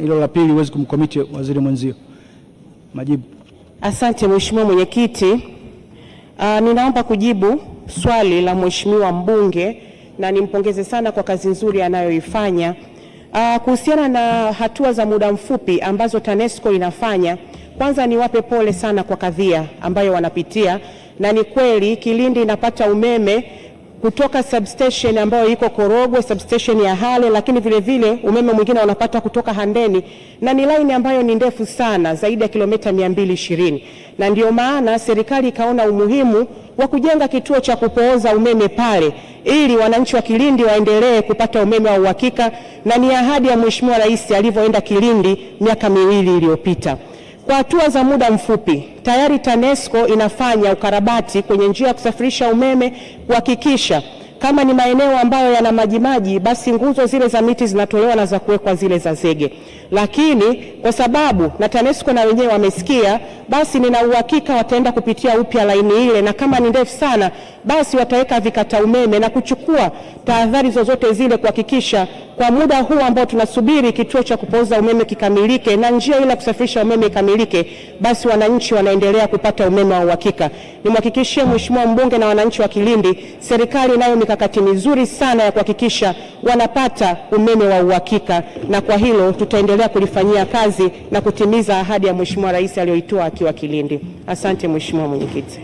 Hilo la pili huwezi kumkomiti waziri mwenzio. Majibu. Asante Mheshimiwa Mwenyekiti. Uh, ninaomba kujibu swali la Mheshimiwa mbunge na nimpongeze sana kwa kazi nzuri anayoifanya uh, kuhusiana na hatua za muda mfupi ambazo TANESCO inafanya. Kwanza niwape pole sana kwa kadhia ambayo wanapitia, na ni kweli Kilindi inapata umeme kutoka substation ambayo iko Korogwe, substation ya Hale, lakini vile vile umeme mwingine wanapata kutoka Handeni, na ni laini ambayo ni ndefu sana, zaidi ya kilomita 220, na ndio maana serikali ikaona umuhimu wa kujenga kituo cha kupooza umeme pale ili wananchi wa Kilindi waendelee kupata umeme wa uhakika, na ni ahadi ya Mheshimiwa Rais alivyoenda Kilindi miaka miwili iliyopita. Kwa hatua za muda mfupi, tayari TANESCO inafanya ukarabati kwenye njia ya kusafirisha umeme kuhakikisha kama ni maeneo ambayo yana majimaji basi nguzo zile za miti zinatolewa na za kuwekwa zile za zege. Lakini kwa sababu na TANESCO na wenyewe wamesikia basi nina uhakika wataenda kupitia upya laini ile, na kama ni ndefu sana, basi wataweka vikata umeme na kuchukua tahadhari zozote zile kuhakikisha kwa muda huu ambao tunasubiri kituo cha kupoza umeme kikamilike na njia ile ya kusafirisha umeme ikamilike, basi wananchi wanaendelea kupata umeme wa uhakika. Nimhakikishie Mheshimiwa mbunge na wananchi wa Kilindi, serikali inayo mikakati mizuri sana ya kuhakikisha wanapata umeme wa uhakika, na kwa hilo tutaendelea kulifanyia kazi na kutimiza ahadi ya Mheshimiwa Rais aliyoitoa wakiwa Kilindi. Asante Mheshimiwa Mwenyekiti.